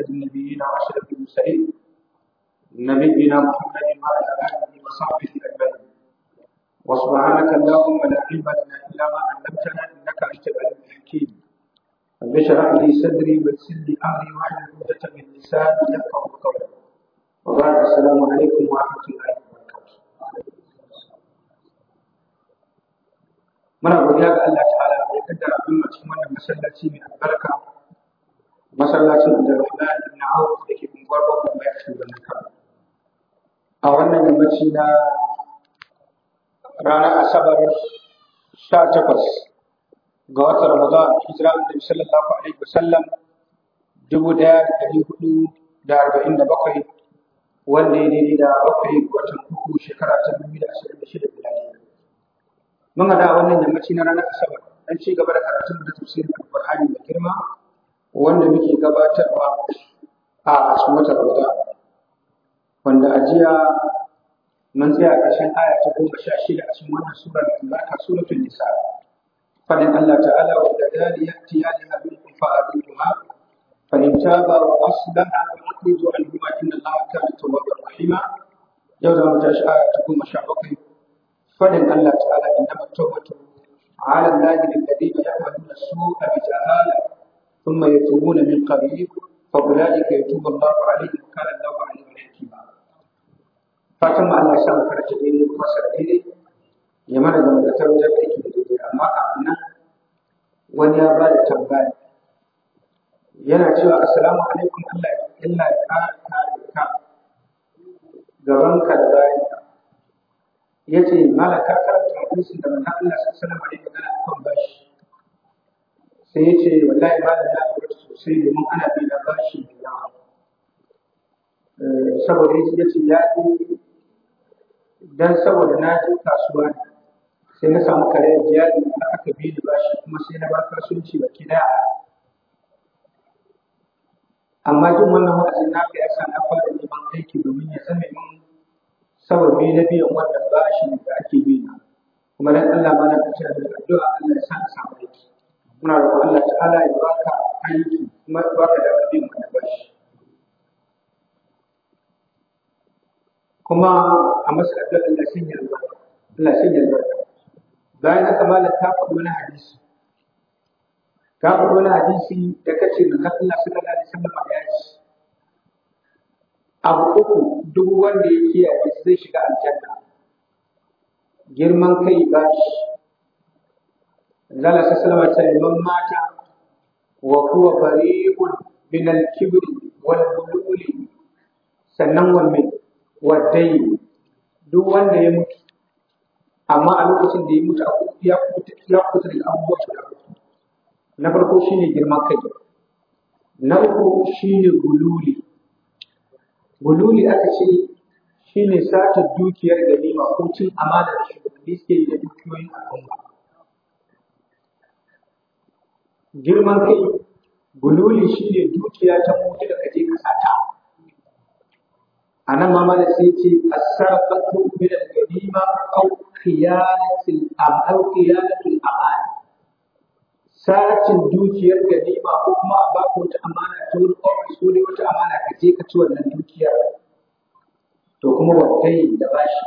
أسعد النبيين وأشرف المرسلين نبينا محمد وعلى آله وصحبه أجمعين وسبحانك اللهم لا علم لنا إلا ما علمتنا إنك أنت العليم الحكيم رب اشرح لي صدري ويسر لي أمري واحلل عقدة من لساني يفقهوا قولي وبعد السلام عليكم ورحمة الله وبركاته muna godiya ga Allah ta'ala da ya kaddara abin a cikin wannan masallaci masallacin Abdulrahman ibn Auf da ke unguwar Bakon Bai a shugaban Kano. A wannan yammaci na ranar Asabar 18 ga watan Ramadan hijira Annabi sallallahu alaihi da 1447 wanda ya daidai da bakwai watan uku shekara ta da da shida miladiya. Mun hada wannan yammaci na ranar Asabar an ci gaba da karatun da tafsirin Alƙur'ani mai girma wanda muke gabatarwa a watan Ramadan wanda a jiya mun tsaya ƙarshen aya ta goma sha shida a cikin wannan sura mai albarka suratul nisa fadin Allah ta'ala wa da dali yati ya lina minkum fa abiduha fa in taba wa aslaha wa aqidu anhuma inna Allah kana tawwabur rahima yau da mu tashi aya ta goma sha bakwai fadin Allah ta'ala innama tawbatu ala Allah lil ladina ya'maluna su'a bi jahalah ثم يتوبون من قريب فأولئك يتوب الله عليهم وكان الله عليما حكيما fatan ma Allah sa mu karanta daidai kuma sa daidai ya mana da magatar wajen aiki da daidai amma kafin nan wani ya bada da yana cewa assalamu alaikum Allah ya illa ya kare kare ka gaban ka da yace malaka karanta da akan bashi sai ya ce wallahi ba da lafiyar sosai domin ana bi da bashi da yawa eh, saboda ya ce ya ji dan saboda na je kasuwa sai na samu kare da jari da aka bi da bashi kuma sai na ba kasuwanci ba kida amma jin wannan wa'azin na ga yasa na fara neman aiki domin ya zama min sababi na biyan wannan bashi da ake bi na kuma dan Allah ma na kace da addu'a Allah ya sa a samu aiki muna roƙon Allah ta'ala ya baka aiki kuma ya baka da abin da bashi kuma a masa addu'a Allah sanya albarka Allah sanya albarka bayan haka malam ta faɗi wani hadisi Ta faɗi wani hadisi da kace manzon Allah sallallahu alaihi wasallam ya ce abu uku duk wanda ya kiyaye zai shiga aljanna girman kai bashi zala sai salama taimakon mata wa kuwa fariqun min al-kibri wal bululi sannan wanne wadai duk wanda ya mutu amma a lokacin da ya mutu ya kuta ya kuta daga abubuwa guda na farko shi ne girman kai na uku shi ne bululi bululi aka ce shi ne sata dukiyar ganima ko cin amana da shugabanni suke yi da dukiyoyin al'umma girman kai gululi shi ne dukiya ta mutu da kaje ka sata anan ma mana sai ce asarfatu min al-ghanima aw qiyalatil amal qiyalatil amal sacin dukiyar ganima ko kuma a baka wata amana ta ko ofis wata amana ka je ka ci wannan dukiyar to kuma wanda da bashi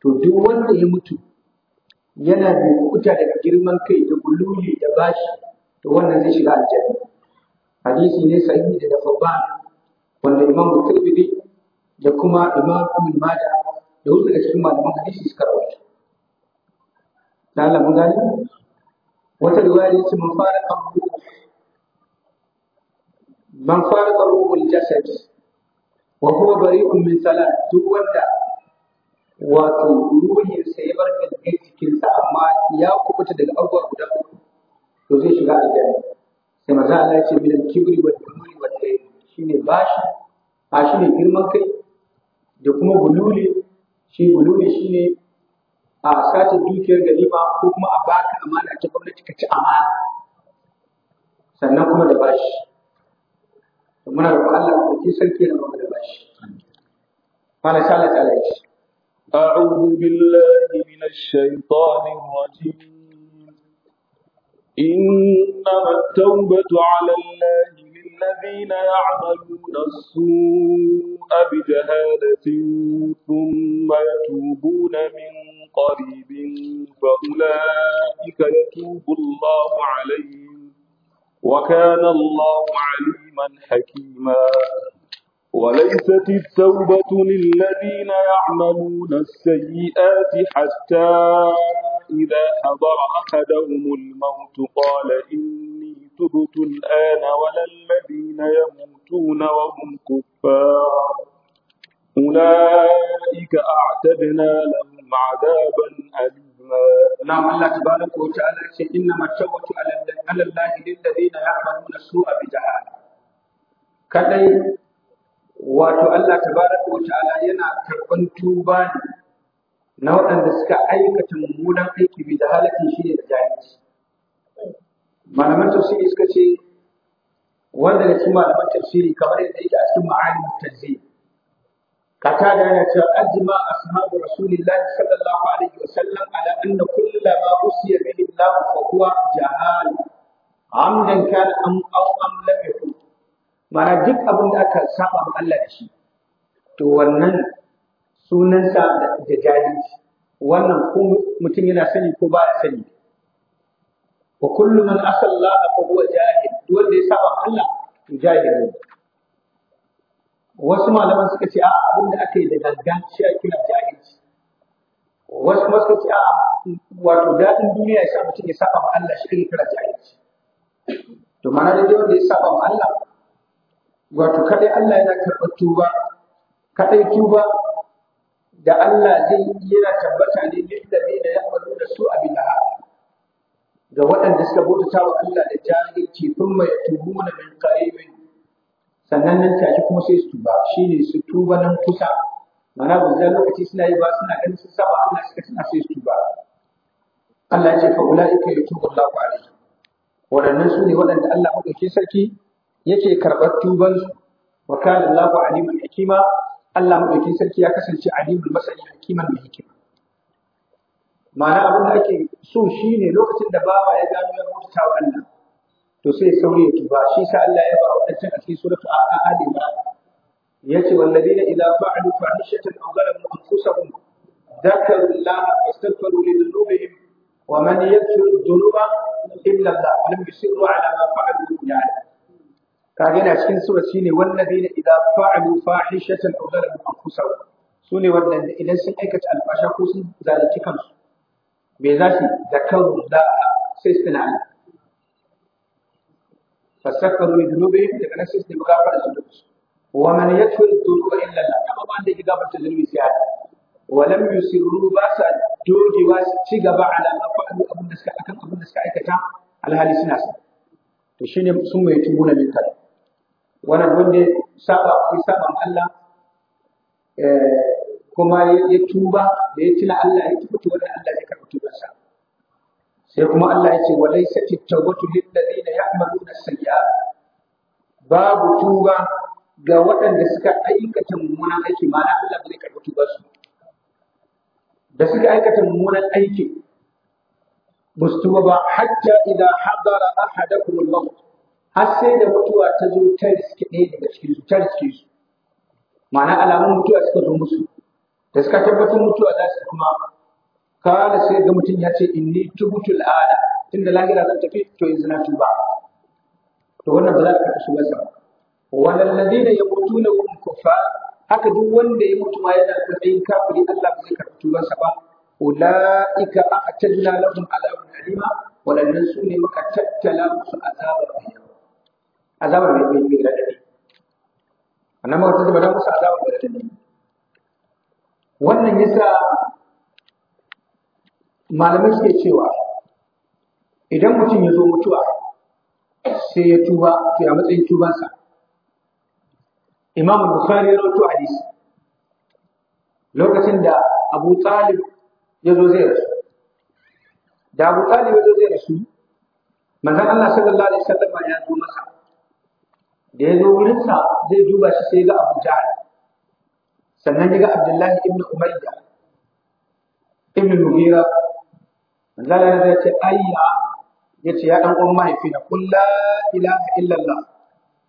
to duk wanda ya mutu yana da kuta daga girman kai da gululi da bashi to wannan zai shiga aljanna hadisi ne sahihi da babba wanda imam tirmidhi da kuma imam ibn majah da wasu daga cikin malaman hadisi suka rawaito da Allah mun gani wata riwaya ce man fara abu man fara ruhul jasad wa huwa bari'un min salat duk wanda wato ruhin sa ya bar gangan jikinsa amma ya kubuta daga abubuwa guda uku to zai shiga aljanna sai maza Allah ya ce min al-kibri wal ghururi wal shine bashi a shine girman kai da kuma bululi shi bululi shine a sata dukiyar ganima ko kuma a baka amana ta gwamnati ka ci amana sannan kuma da bashi muna roƙon Allah ko sarki na da bashi mana sha Allah ta أعوذ بالله من الشيطان الرجيم إنما التوبة على الله للذين يعملون السوء بجهالة ثم يتوبون من قريب فأولئك يتوب الله عليهم وكان الله عليما حكيما وليست التوبة للذين يعملون السيئات حتى إذا حضر أحدهم الموت قال إني تبت الآن ولا الذين يموتون وهم كفار أولئك أعتدنا لهم عذابا أليما نعم الله تبارك وتعالى إنما التوبة على الله للذين يعملون السوء بجهالة كذلك wato Allah tabaraka wa ta'ala yana karban tuba ne na waɗanda suka aikata mummunan aiki bi da halakin shi ne da jahilci malaman tafsiri suka ce wanda da cikin malaman tafsiri kamar yadda yake a cikin ma'anin tanzil katada yana cewa ajma ashabu rasulillahi sallallahu alaihi wa sallam ala anna ma usiya bihi Allah fa huwa jahal amdan kana am aw am lam Mana duk abin da aka saba ma Allah da shi, to wannan sunansa da jahilci, wannan ko mutum yana sani ko ba ya sani. Wa kullum man asallaha fa huwa jahil, duk wanda ya saba ma Allah to jahil ne. Wasu malaman suka ce a abin da aka yi da gangan shi a kira jahilci. Wasu ma suka ce a wato daɗin duniya ya sa mutum ya saba ma Allah shi ake kira jahilci. To mana da wanda ya saba ma Allah wato kaɗai Allah yana karɓar tuba kadai tuba da Allah zai yana tabbata ne lillahi da ya'malu da su abila ga waɗanda suka bautata wa Allah da jahilci kun mai tubuna min qaribin sannan nan take kuma sai su tuba shine su tuba nan kusa mana guzar lokaci suna yi ba suna ganin sun saba Allah suka tana sai su tuba Allah ya ce fa ulaika yatubu Allahu alaihim waɗannan su ne waɗanda Allah madaukakin sarki yake karɓar tubansu wa kana Allahu alimul hakima Allah sarki ya kasance alimul masani hakiman mai hikima ma'ana abin da ake so shine lokacin da bawa ya gano ya mutu ta Allah to sai sauye tuba shi sa Allah ya ba wadancan a cikin suratu al-ahad yace walladina idza fa'alu fahishatan aw zalamu anfusahum ذكروا الله فاستغفروا لذنوبهم ومن يغفر الذنوب الا الله ولم يصروا على ما فعلوا يعني kaga yana cikin sura shine wallazina idza fa'alu fahishatan aw zalamu anfusahum sune wanda idan sun aikata alfasha ko sun zalunci kansu me za su da kansu da sai su tunani fasakkaru bi dhunubihim daga nan sai su nemi gafara su dubu wa man yaghfiru dhunuba illa Allah kama ba da ya gafarta zunubi sai Allah wa lam yusirru ba sa dogewa su ci gaba ala ma fa'alu abin da suka akan abin da suka aikata alhali suna sa to shine sun mai tubuna min kalam wannan wanda ya saba ya saba Allah eh, kuma ya tuba da ya tuna Allah ya tuba to wannan Allah ya karɓi tubansa sai kuma Allah ya ce wa laysa at-tawbatu lil ladina ya'maluna as-sayyi'at babu tuba ga waɗanda suka aikata mummunan aiki ma na Allah bai karɓi su. da suka aikata mummunan aiki mustuba ba hatta idza hadara ahadakum al-maut har sai da mutuwa ta zo ta riske ɗaya daga cikin su ta riske su ma'ana alamun mutuwa suka zo musu da suka tabbatar mutuwa za su kuma kana sai ga mutum ya ce inni tubutul ana tunda lahira zan tafi to yanzu na tuba to wannan ba za ka kasu ba sa walal ladina na wurin kufa haka duk wanda ya mutu ma yana kafin kafiri Allah ba zai karɓi tubansa ba ulaika a'tadna lahum adabun alima wadannan su ne muka tattala musu azabar mai azaba mai mai radadi annabi wata da musu azaba mai radadi wannan yasa malamai suke cewa idan mutum ya zo mutuwa sai ya tuba to ya matsayin tubansa imamu bukhari ya rawaito hadisi lokacin da abu talib ya zo zai rasu da abu talib ya zo zai rasu manzon Allah sallallahu alaihi wasallam ya zo masa da ya zo wurinsa zai duba shi sai ga Abu Jahl sannan ya ga Abdullahi ibn Umayya ibn Mughira manzo Allah ya ce ayya yace ya dan uwan mahaifina kullu la ilaha illallah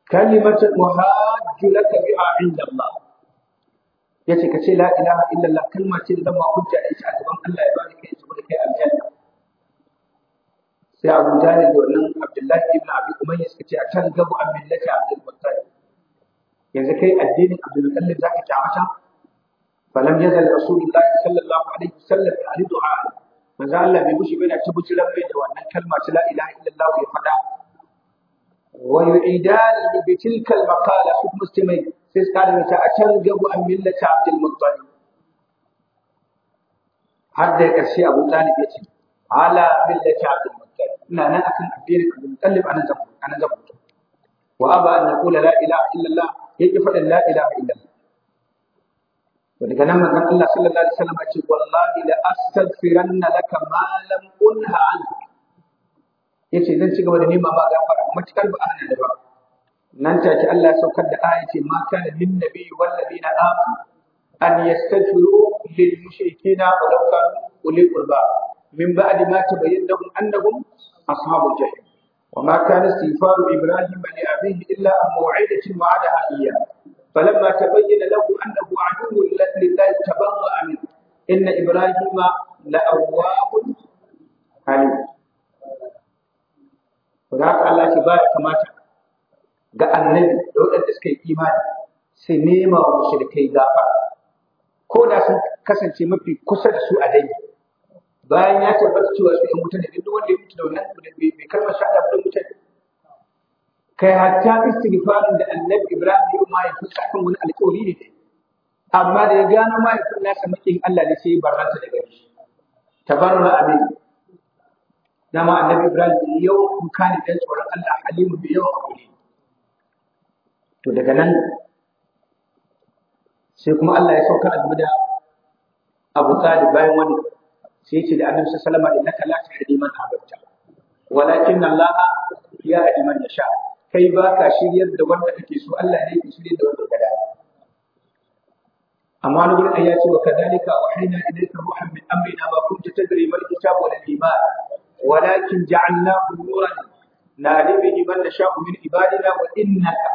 kalimatu muhajju laka biha inda Allah yace kace la ilaha illallah kalma ce da zan ma hujja da ita a gaban Allah ya bani kai saboda kai aljanna sai Abu Jahil da wannan Abdullahi ibn Abi Umayya suka ce a can gabu an millati Abdul Muttalib yanzu kai addinin Abdul Muttalib zaka kyamata falam yazal Rasulullahi sallallahu alaihi wasallam ya'riduha manzo Allah bai mushi bane ta bujiran mai da wannan kalma ta la ilaha illallah ya fada wa yu'idani bi tilka al-maqala hukm muslimin sai suka da ta a can gabu an millati Abdul Muttalib har da ƙarshe Abu Talib ya ce ala millati Abdul ina nan akan addinin Abdul Muttalib anan zan anan zan wa aba an yaqula la ilaha illallah yake faɗin la ilaha illallah to daga nan manzon Allah sallallahu alaihi wasallam ya ce wallahi la astaghfiranna laka ma lam unha anka yace zan ci gaba da nema ma gafara matakar ba ana da ba nan take Allah ya saukar da aya ce ma kana lin nabi wal ladina amanu an yastaghfiru lil mushrikeena wa law kanu uli qurba min ba'di ma tabayyana lahum annahum ashabul jahim وما كان استغفار إبراهيم لأبيه bayyana عن موعدة وعدها إياه فلما تبين له أنه عدو لله تبرأ منه إن إبراهيم لأواب حليم وذلك الله تبارك كما ga annabi da waɗanda suka yi imani sai nema wa mushrikai gafa Koda sun kasance mafi kusa da su a dangi bayan ya tabbata cewa su ‘yan mutane duk wanda ya mutu da wannan abu da bai karɓa shaɗa ba mutane kai hatta istighfarin da annabi Ibrahim ya ma ya fuska kan wani alƙawari ne amma da ya gano ma ya fuska nasa makin Allah ne sai ya barranta daga shi tabarra abin dama annabi Ibrahim ya yawan kuka ne dan tsoron Allah halimu bai abu ne to daga nan sai kuma Allah ya sauka da Abu Talib bayan wannan sai ce da annabi sallallahu alaihi wasallam innaka la tahdi man ahbabta walakin Allah ya hadi man yasha kai baka shiryar da wanda kake so Allah ne ke shiryar da wanda ka da amma wani gurin ayya ce wa kadhalika wahayna ilayka ruhan min amrina ma kunta tadri mal kitab wal iman walakin ja'alnahu nuran nahdi bihi man nasha'u min ibadina wa innaka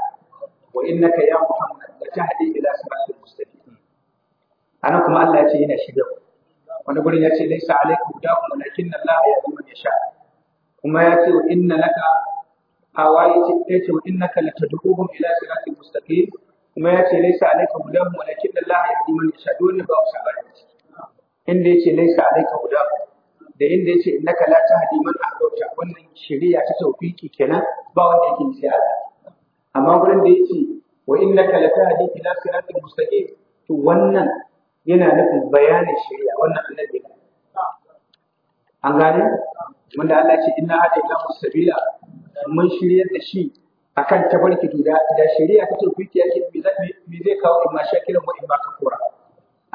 wa innaka ya muhammad la tahdi ila siratil mustaqim anan kuma Allah ya ce yana shiryarwa wani gurin ya ce laisa alaikum da'un na Allah ya zama ya sha kuma ya ce inna laka hawa ya ce ya ce innaka latad'uhum ila siratin mustaqim kuma ya ce laisa alaikum da'un na Allah ya zama ya sha dole ba wasa ba inda ya ce laisa alaikum guda da inda ya ce innaka la tahdi man ahbabta wannan shari'a ta tawfiki kenan ba wanda yake sai Allah amma gurin da ya ce wa innaka latahdi ila siratin mustaqim to wannan yana nufin bayanin shari'a wannan annabi ne an gane wanda Allah ce inna hada ila musabila mun shirye da shi akan tabarki to da shari'a ta ku yi yake me zai kawo in ma shakirin wa in ka kora.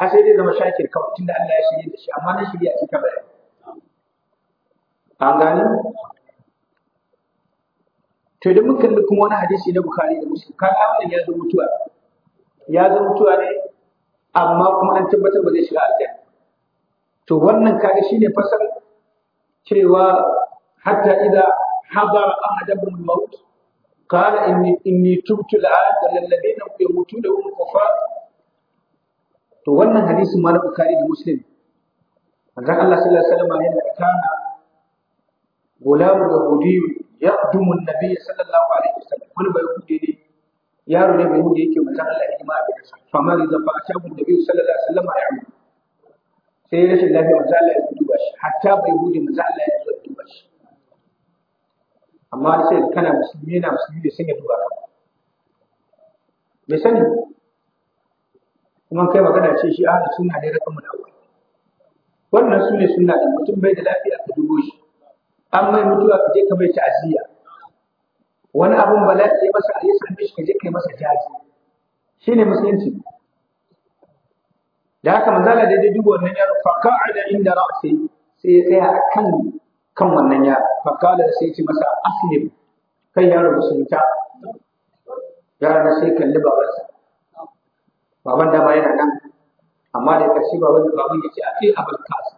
a sai dai zama shakir kawai tunda Allah ya shirye da shi amma na shari'a ce ka bayani an gane to idan mun kalli kuma wani hadisi na Bukhari da Muslim kan wannan ya zo mutuwa ya zo mutuwa ne amma kuma an tabbatar ba zai shiga aljanna to wannan kaga shine fasal cewa hatta idza hadara ahadahum al-maut qala inni inni tubtu al-an alladhina yamutuna wa hum kufar to wannan hadisin ma na bukhari da muslim manzon Allah sallallahu alaihi wasallam yana kana gulam yahudi yaqdumu an-nabiy sallallahu alaihi wasallam wani bai kudi ne yaro ne mai da yake mutan Allah ya jima abin bisa fa ma da fa ta da bi sallallahu alaihi wasallam ya amma sai ya rashin lafiya mutan Allah ya duba shi hatta bai hude mutan Allah ya duba shi amma sai kana musulmi na musulmi da sun ya duba ka me sani kuma kai magana ce shi a sunna ne rakan mun awwal wannan sune sunna da mutum bai da lafiya ka dubo shi an mutuwa ka je ka mai aziya. wani abun bala'i ya masa ya same shi kaje kai masa jaji shine musulunci da haka manzala da dubu wannan yaro fa qa'ada inda ra'si sai ya tsaya kan kan wannan yaro fa qala sai ya ce masa aslim kai yaro musulunta yaro sai kalli babansa baban da ma yana nan amma da karshe baban baban yace a kai abul qasim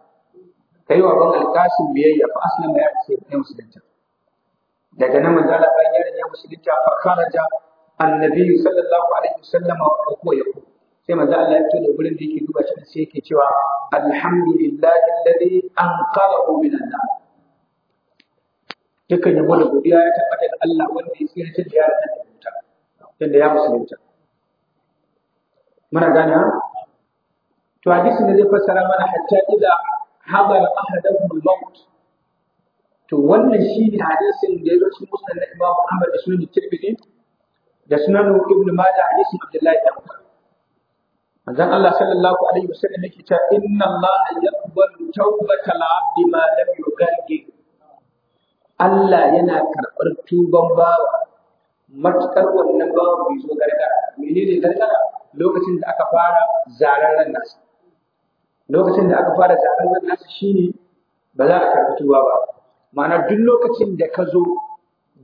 kai wa baban al qasim biyayya fa aslama ya ce kai musulunta daga nan manzo Allah bayan yaron ya musulunta fa kharaja annabi sallallahu alaihi wasallam wa ya yaqul sai manzo Allah ya fito da gurin da yake duba shi sai yake cewa alhamdulillahi alladhi anqadahu min an-nar dukkan yabo da godiya ya tabbata ga Allah wanda ya tsira da yaron da mutunta tunda ya musulunta muna gane to hadisi ne zai fassara mana hatta idza hadara ahaduhum al-maut to wannan shi ne hadisin da ya zo cikin musnad na Imam Ahmad da sunan Tirmidhi da sunan Ibn Majah hadisin Abdullahi ibn Umar manzon Allah sallallahu alaihi wasallam yake cewa inna Allah yaqbalu tawbatal abdi ma lam yughayyir Allah yana karɓar tuban bawa matukar wannan bawa bai zo gargara menene gargara lokacin da aka fara ran nasa lokacin da aka fara ran nasa shine ba za a karɓi tuba ba ma'ana duk lokacin da ka zo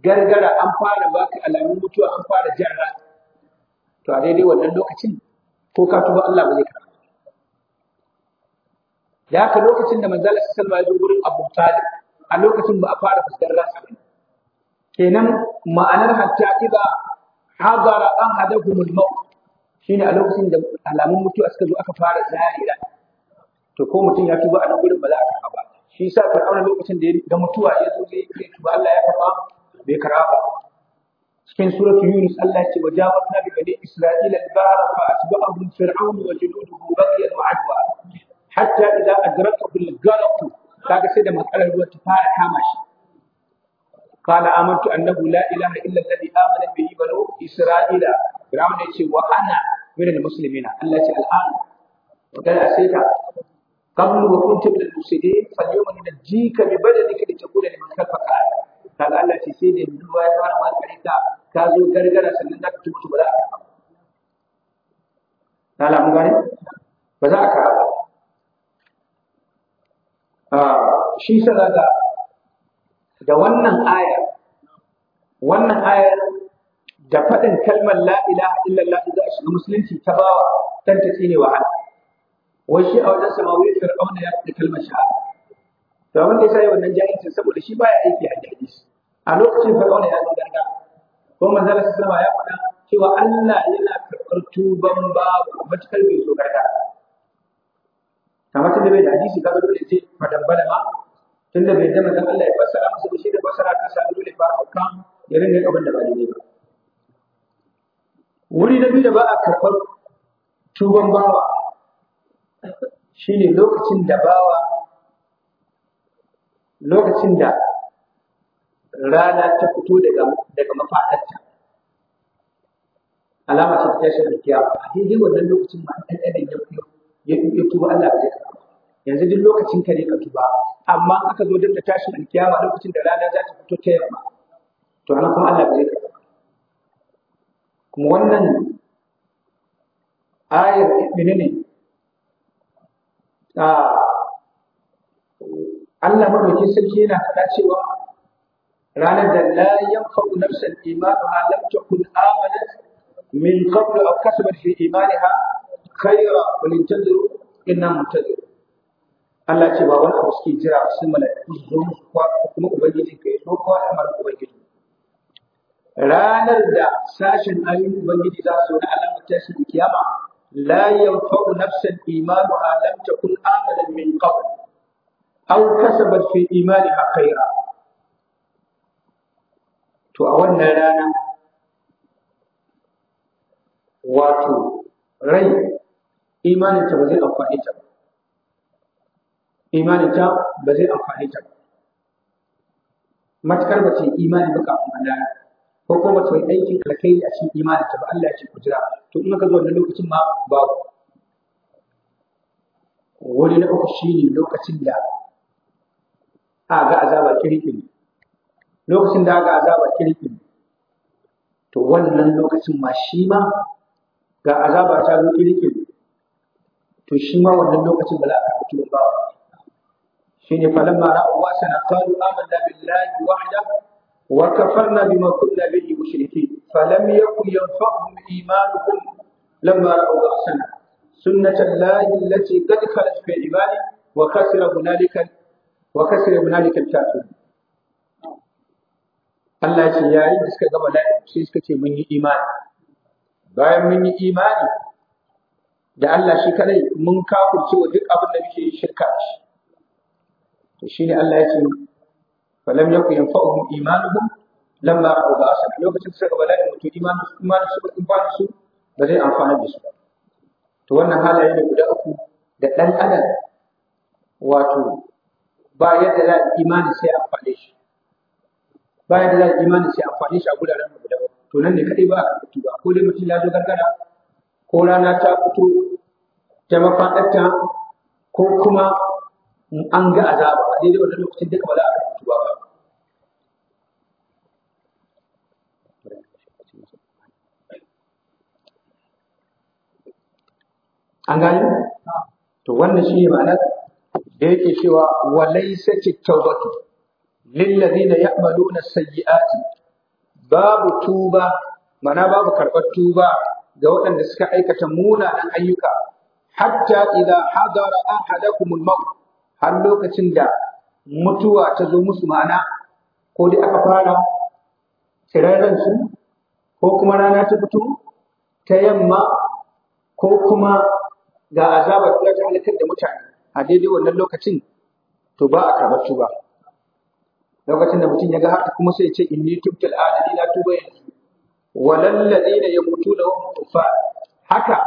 gargara an fara ba ka alamun mutuwa an fara jarra to a daidai wannan lokacin ko ka tuba Allah ba zai karɓa ya ka lokacin da manzala su salma ya zo wurin Abu Talib a lokacin ba a fara fuskar rasa ba kenan ma'anar hatta idza hadara ahadahum al-maut shine a lokacin da alamun mutuwa suka zo aka fara zahira to ko mutum ya tuba a nan gurin ba za a karɓa ba shi sa fir'auna lokacin da da mutuwa ya zo zai yi tuba Allah ya karba bai kara ba cikin suratul yunus Allah ce wajabat nabi bani isra'ila al-bahr fa atba'ahum fir'aun wa jiluduhu baghyan wa idan a idha adraka bil ghalaq kaga sai da matsalar ruwa ta fara kama shi qala amantu annahu la ilaha illa alladhi amana bihi banu isra'ila fir'aun ya ce wa ana min al-muslimina Allah ce al'an wa kana sai ka قبل وكنت من المفسدين فاليوم ننجيك ببدنك لتكون لمن خلفك آية kaga Allah ce sai da yanzu ya fara ma kare ka ka zo gargara sannan za ka ci mutu ba za a lamu ba za shi da da wannan aya wannan ayar da faɗin kalmar la ilaha illallah da a shiga musulunci ta bawa dan ta tsine wahala wai shi a wajen samawi fir'auna ya fi kalmar shahada to abin da yasa yi wannan jahilcin saboda shi baya aiki a hadisi a lokacin fir'auna ya zo garga ko manzala sallama ya faɗa cewa Allah yana karɓar tuban babu matakar bai so garga kamar tunda bai da hadisi kaga dole ce fadan bada ma tunda bai da manzon Allah ya fassara masa ba shi da fassara ka sami dole fara hauka ya rinka abin da ba daidai ba wuri na biyu da ba a karɓar tuban bawa shine lokacin da bawa lokacin da rana ta fito daga daga mafaɗarta alama ce ta tashi da kiyawa a daidai wannan lokacin ma ɗan ɗan ya fito ya ya tuba Allah ba zai yanzu duk lokacin ka ne ka tuba amma aka zo duk da tashin alkiyama lokacin da rana za ta fito ta yamma to ana kuma Allah ba zai karɓa kuma wannan ayar ne. Ah, Allah madaukin sarki yana faɗa cewa ranar da la yanfa'u nafsan imanuha lam takun amanat min qabl aw kasabat fi imaniha khayra wal tadru inna mutadru Allah ce ba wani abu suke jira sun mala'iku su zo su kwa kuma ubangiji ka ya so kwa amar ubangiji ranar da sashen ayoyin ubangiji za su zo na alamar tashin kiyama لا ينفع نفس إيمانها لم تكن آمنا من قبل أو كسبت في إيمانها خيرا تؤولنا لنا واتو ري إيمان تبزي أفعيتا إيمان تبزي أفعيتا ما تكربتي إيمان بك أمنا ko kuma bata yi aikin alkhairi a cikin imanin ta ba Allah ya ce ku jira to in ka zo wannan lokacin ma babu wani na uku shine lokacin da a ga azaba kirkin lokacin da ga azaba kirkin to wannan lokacin ma shi ma ga azaba ta zo kirkin to shi ma wannan lokacin ba za a karɓi ba shine falamma ra'u wa sana qalu amanna billahi wahdahu وكفرنا بما كنا به مشركين فلم يكن ينفعهم إيمانهم لما رأوا بأسنا سنة الله التي قد خلت في عباده وكسر هنالك وكسر هنالك الكافرون Allah ce yayin da suka gama la'i sai suka ce mun yi imani bayan mun yi imani da Allah shi kadai mun kafirce wa duk abin da muke shirka shi to shine Allah ya ce فلم يكن ينفعهم imanuhum لما ra'u ba'asana lokacin suka bala'in بلاء imanin su imanin su in ba su ba zai amfana da su ba to wannan halaye ne guda uku da dan adam wato ba yadda za imani sai amfane shi ba yadda za imani sai amfane shi a guraren guda to nan ne kadai ba a karatu ba ko dai mutum ya zo gargara ko rana ta fito ta mafaɗarta ko kuma an ga azaba a daidai wannan lokacin duka ba za a ba an gani to wannan shine ma'anar da yake cewa wa na tawbatu lil ladina ya'maluna sayyi'ati babu tuba mana babu karbar tuba ga waɗanda suka aikata munanan ayyuka hatta idza hadara ahadakum al-maut har lokacin da mutuwa ta zo musu ma'ana ko dai aka fara tsirarren su ko kuma rana ta fito ta yamma ko kuma ga azabar da ta halakar da mutane a daidai wannan lokacin to ba a karɓar tuba lokacin da mutum ya ga haka kuma sai ya ce inni tubtu al'ana ni na tuba yanzu walal ladina yamutuna wa hum haka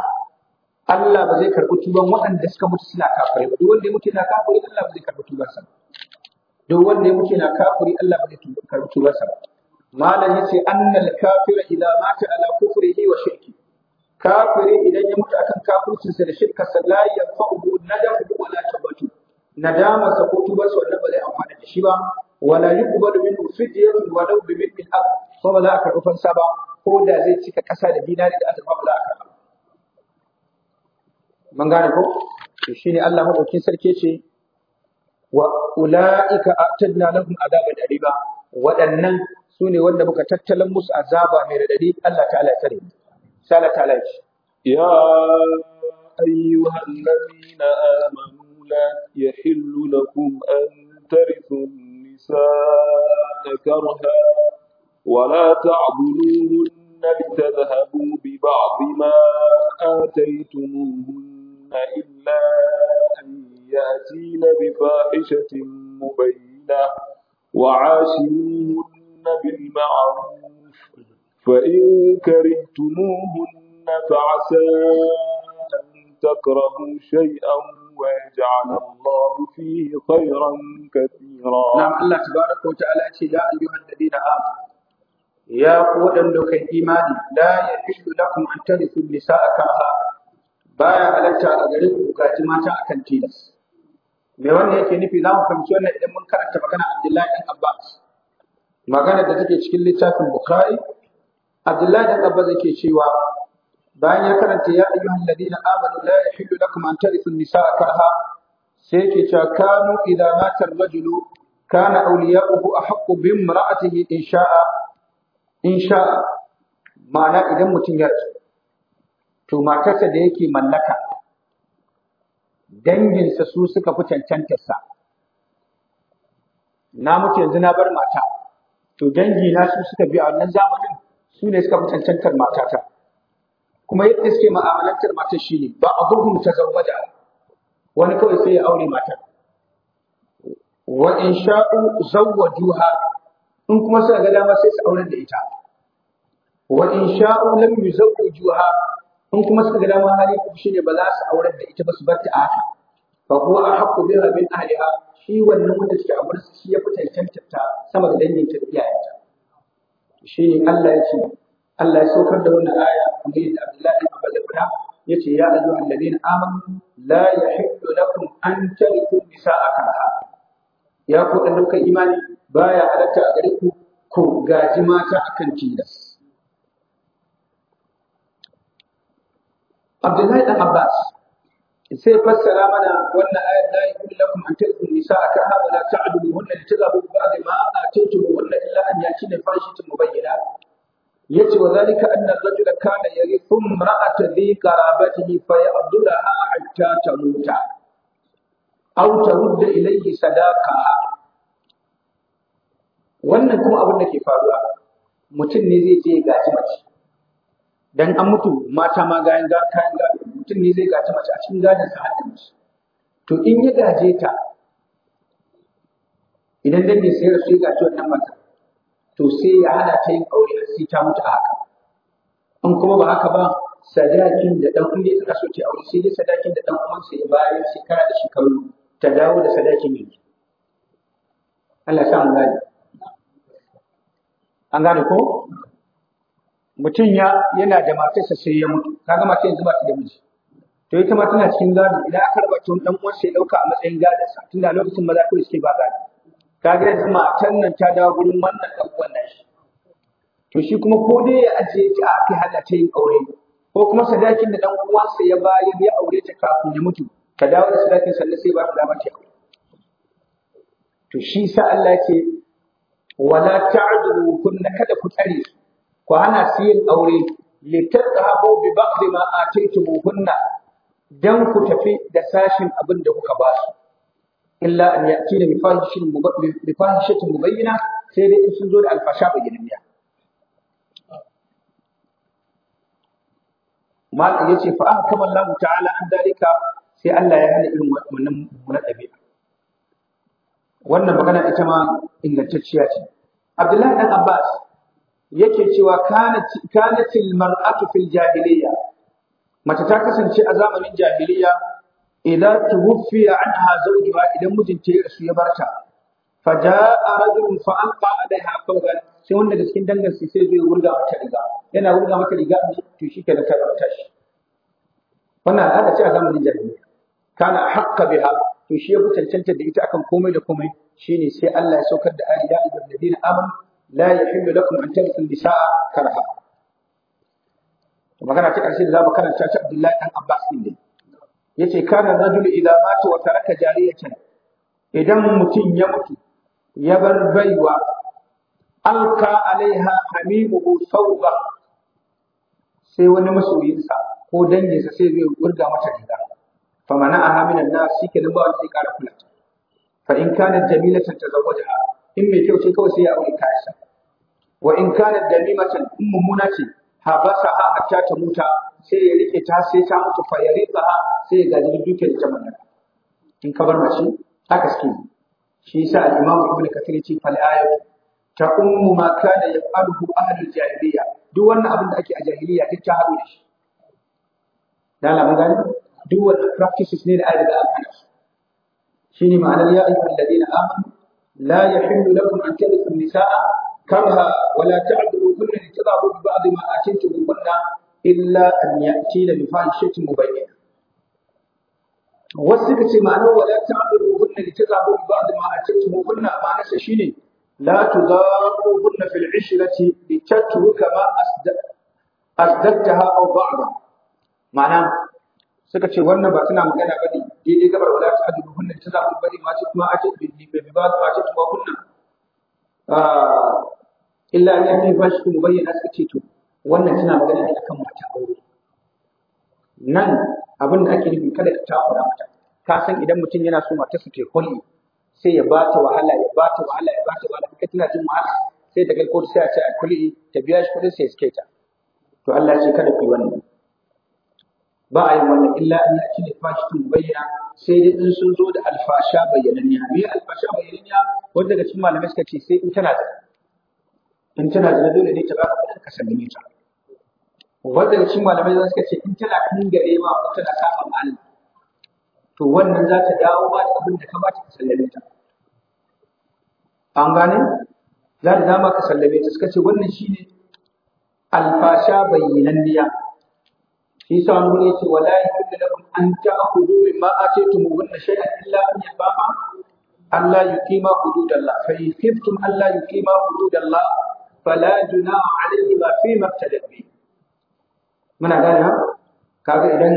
Allah ba zai karɓi tuban waɗanda suka mutu suna kafirai ba duk wanda ya mutu yana kafiri Allah ba zai karɓi tuban ba duk wanda ya mutu yana kafiri Allah ba zai karɓi tuban sa malam yace annal kafira idza mata ala kufrihi wa shirki kafiri idan ya mutu akan sa da shirkarsa la yanfa'uhu nadamu wala tabatu nadama sa ko tuba sa wannan ba zai amfana da shi ba wala yuqbalu fidyati wa law bi mithli al fa ba za a karɓi fansa ba ko da zai cika ƙasa da dinari da azurfa ba za a man mun gane ko to shine Allah madaukin sarki ce wa ulaika a'tadna lahum azaban ariba waɗannan sune wanda muka tattalin musu azaba mai radadi Allah ta'ala ya tare mu سالت عليك يا أيها الذين آمنوا لا يحل لكم أن ترثوا النساء كرها ولا تعبدوهن لتذهبوا ببعض ما آتيتموهن إلا أن يأتين بفاحشة مبينة وعاشروهن بالمعروف فإن كرهتموهن فعسى أن تكرهوا شيئا ويجعل الله فيه خيرا كثيرا نعم الله تبارك وتعالى أتي أيها الذين آمنوا يا قول لك إيماني لا يحل لكم أن تلفوا النساء كعها بايا على تعالى غريب وكاتما كنتيس. تيلس لأن هيك نفي ذاهم فمسونا إذا منكر أن تبقنا عبد الله بن عباس ما كانت تتكي تشكل لتاكم بخاري Abdullahi dan Abbas ke cewa bayan ya karanta ya ayyuhan ladina amanu la yahillu lakum an tarithu nisaa karha sai yake cewa kanu idza mata ar-rajulu kana awliya'uhu ahqqu bi imra'atihi in sha'a in sha'a ma'ana idan mutum ya to matarsa da yake mallaka danginsa su suka fi sa na mutu yanzu na bar mata to dangi na su suka bi a wannan zamanin su ne suka fi cancantar matata kuma yadda suke ma'amalantar matar shi ne ba abubuwan ta zawwada wani kawai sai ya aure matar wa in sha'u juha in kuma suka ga dama sai su auren da ita wa in sha'u lam juha in kuma suka ga dama hali kuma ne ba za su auren da ita ba su bar ta haka kuwa a ahqqu biha min ahliha shi wannan wanda suke a gurin shi ya fi tantance ta sama da dangin ta da iyayenta shi ne Allah ya ce Allah ya saukar da wannan aya kamar da Abdullahi ibn Abbas ya yace ya ayyuhal alladin aman la yahillu lakum an tarithu nisa'a ya ku da dukkan imani baya halatta a gare ku ku gaji mata akan tilas Abdullahi ibn Abbas sai fassara mana wannan ayat la yakun lakum an tarkun nisaa ka ha wala ta'dulu hunna litadhabu da ma ataytum hunna illa an yatina fahishatan mubayyana yace wa zalika anna ar-rajula kana yarithu ra'ata bi qarabatihi fa ya'dula hatta tamuta aw tarudda ilayhi sadaqa wannan kuma abin da ke faruwa mutum ne zai je gaji mace dan an mutu mata ma ga ga kayan ga mutum ne zai gaji mace a cikin gadin sa hadin shi to in ya gaje ta idan dan ne sai rasu ya gaji wannan mata to sai ya hada ta yin aure har sai ta mutu a haka in kuma ba haka ba sadakin da dan kunne tana so ta aure sai dai sadakin da dan uwansa ya bayar shekara da shekaru ta dawo da sadakin ne Allah ya sa mu gane an gane ko mutum ya yana da matarsa sai ya mutu kaga matar yanzu ba ta da miji to ita ma tana cikin gado idan aka raba tun dan uwan sai dauka a matsayin tun tunda lokacin maza kawai suke ba gado kaga yanzu matan nan ta dawo gurin wannan dan uwan nashi to shi kuma ko dai ya ajiye ta aka hada ta yin aure ko kuma sadakin da dan sai ya bayar ya aure ta kafin ya mutu ka dawo da sadakin sannan sai ba ta dama ta aure to shi sa Allah yake wala ta'dulu kunna kada ku tsare su ku hana su yin aure litazhabu bi ba'd ma ataytumuhunna dan ku tafi da sashin abin da kuka ba su illa an ya'ti bi fahishin bi fahishatin mubayyana sai dai in sun zo da alfasha bayyananniya mal yace fa aka Allah ta'ala an dalika sai Allah ya hana irin wannan mummunan ɗabi'a wannan magana ita ma ingantacciya ce Abdullahi dan Abbas yake cewa kanatil mar'atu fil jahiliya mace ta kasance a zamanin jahiliya idan tuwfiya anha zawjuha idan mijinta ya rasu ya barta faja'a rajulun fa alqa alaiha qawlan sai wanda da cikin dangan sai sai zai wurga mata riga yana wurga mata riga to shi kenan ta barta shi wannan al'ada ce a zamanin jahiliya kana haqqa biha to shi ya fi cancanta da ita akan komai da komai shine sai Allah ya saukar da ayat ya ayyuhal ladina amanu la yahillu lakum an tarithu nisaa karha magana ta ƙarshe da zamu karanta ta Abdullahi dan Abbas din dai yace kana rajulu idza mata wa taraka jariyatan idan mutum ya mutu ya bar baiwa alka alaiha habibuhu sauba sai wani masoyinsa ko danginsa sai zai gurga mata riga fa mana'aha minan nas shi ke nan ba wanda zai kara kula fa in kanat jamilatan tazawwajaha in mai kyau ce kawai sai ya abin kayasa wa in kana damimatan in mummuna ce habasa ha a ta muta sai ya rike ta sai ta mutu fa ya rika ha sai ya gaji dukiyar ta mallaka in ka bar mace haka suke shi yasa al-imam ibnu kathir ce fal ayatu ta ummu ma kana yaf'aluhu ahlul jahiliya duk wannan abin da ake a jahiliya duk ta haɗu da shi dala mun gani duk wannan practices ne da ayyuka da al'ada shine ma'anar ya ayyuhal ladina amanu لا يحل لكم أن ترثوا النساء كرها ولا تعدلوهن لتضعوا ببعض ما آتيتموهن إلا أن يأتين بفاحشة مبينة wasu suka ce ma'anar wa la ta'budu hunna li tazabu bi ba'd ma atatuhu hunna ma'anar sa shine la tudaru hunna fil suka ce wannan ba suna magana ba ne daidai gabar wala ta adu hunna ta za ku bari ma ce kuma a ce bi bi ba ba ce kuma hunna ah, illa an yake ba shi kuma bayyana suka ce to wannan suna magana ne akan mata aure nan abin da ake nufi kada ka takura mata ka san idan mutum yana so matarsa ta hulli sai ya ba ta wahala ya ba ta wahala ya ba ta wahala kai tana jin wahala sai ta kai kotu sai a ce a kulli ta biya shi kudin sai ya ta to Allah ya ce kada ku yi wannan ba a yi wannan illa an yaki da fashitin bayyana sai dai in sun zo da alfasha bayyananniya me alfasha bayyananniya wanda daga cikin malamai suka ce sai in tana da in tana da dole ne ta ba ka ka sallame ta wanda daga cikin malamai za suka ce in tana kan gare ma ko tana saba malam to wannan za ta dawo ba da abin da ka ba ta ka sallame ta an gane za ta dama ka sallame ta suka ce wannan shine alfasha bayyananniya Isa wani ya ce wala yakun lakum an ta'khudhu mimma ataytumuhunna shay'an illa an yafaha Allah yuqima hududallah fa in khiftum Allah yuqima hududallah fala junaha alayhi ma fi mabtada bi muna gane ha kaga idan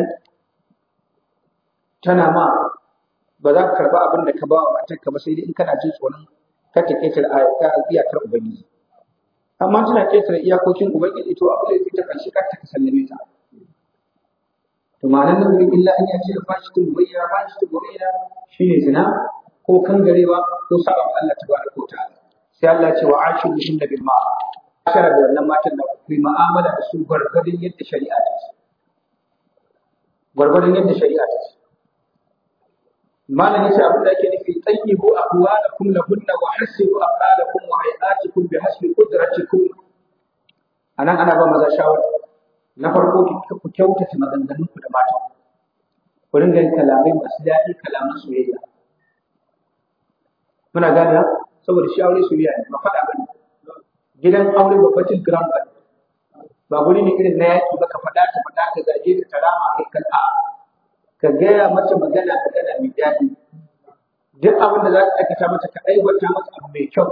tana ma ba za ka karba abin da ka ba wa matarka ba sai dai in kana jin tsoron ka ta ƙetare iyakar ubangiji amma tana ƙetare iyakokin ubangiji to abu da ya ta ƙarshe ka ta sallame ta to ma'anar nazari illa an yace da fashitun bayyana fashitun shi shine zina ko kan garewa, ko sabon wa Allah tabaraka wa ta'ala sai Allah ce wa ashiru da bil ma'a ashara da wannan matan da kuma yi mu'amala da su gargadin yadda shari'a ta ce gargadin yadda shari'a ta ce ya ce abin da ake nufi tayyibu na lahunna wa ko hasibu kun wa kun bi hasbi kun anan ana ba maza shawara na farko ku kyautata maganganun ku da bata ku ringa yin kalamai masu daɗi kalaman soyayya muna gane saboda shi aure soyayya ne ba faɗa bane gidan aure ba fatil gram ba ba guri ne irin na yaƙi ba ka faɗa ta faɗa ka zage ta tarama kai kan a ka gaya mata magana magana mai daɗi duk abin da za ka aikata mata ka aiwata mata abu mai kyau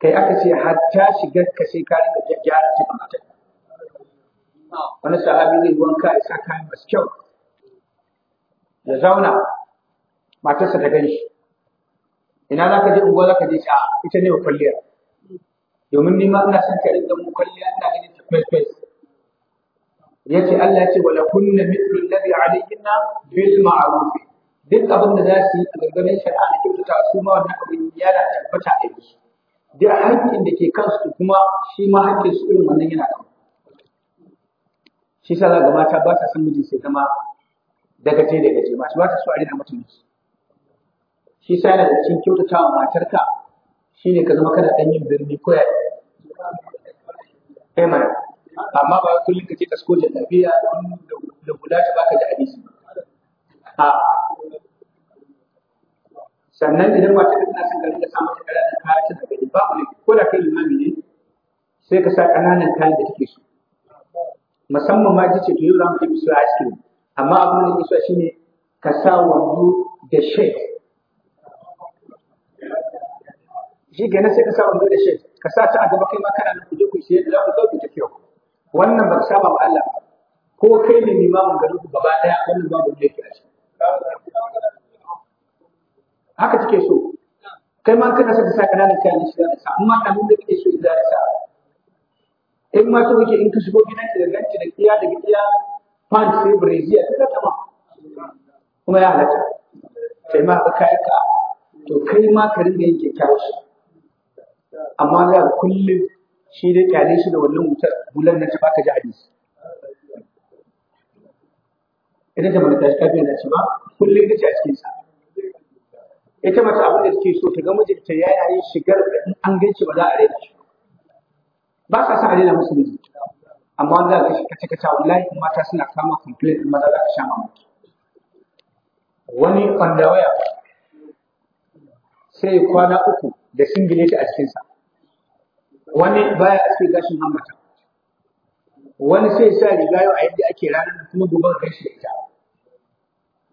kai aka ce hatta shigar ka sai ka rinka gyara ta mata wani sahabi zai wanka ya sa kayan masu kyau ya zauna matarsa ta gani ina za ka je unguwa za ka je ta ah, ita ne wa kwalliya domin ni ma ina son ta rinka mu kwalliya ina ganin ta fes fes ya ce Allah ya ce wala kunna mithlu alladhi alayhinna bil ma'ruf duk abin da za su yi a gargarin shari'a da kyautata su ma wannan abin yana da tabbata a yanzu duk haƙƙin da ke kansu kuma shi ma haƙƙin su irin wannan yana kan shi sa za ga mata ba sa son mijin sai zama daga ce daga ce masu ba ta so a rina mata shi sa yana da cikin kyautatawa matarka shine ka zama kana ɗan yin birni ko ya kai mana amma ba ya kullum ka ce ka sko jallabiya da hula ta baka da hadisi a sannan idan mata ka tana san garin da samun da ƙananan kaya ta daga ba ko da kai limami ne sai ka sa ƙananan kayan da take so musamman ma ji ce to yau za mu je mu ice cream amma abin da isa shine ka sa wando da shade shi kenan sai ka sa wando da shade ka sa ta a gaba kai ma kana nan ku je ku sai da ku ku kyau. wannan ba saba ba Allah ko kai ne limamin garin ku gaba daya wannan babu da yake a haka take so kai ma kana sa ka sa kana nan kai shi da sa amma abin da kake so idan sa in ma ta wuce in ka shigo gidan da ganci da kiya da kiya fan sai brazil ta tama kuma ya halaka kai ma ka kai ka to kai ma ka rinka yin kyakkyawar shi amma ga kullum shi dai kyale shi da wannan wutar bulan na ta baka ji hadisi idan ta mata ta biya shi ba kullum kace a cikin sa ita mata abin da take so ta ga mijinta yayin shigar da in an ganci ba za a rage shi ba sa son a daina musu miji amma wanda za ka kace kace wallahi in mata suna kama complete in maza za ka sha mamaki wani on waya sai kwana uku da ta a cikinsa wani baya a cikin gashin hammata wani sai sa riga yau a yadda ake ranar da kuma gobe ga shi ita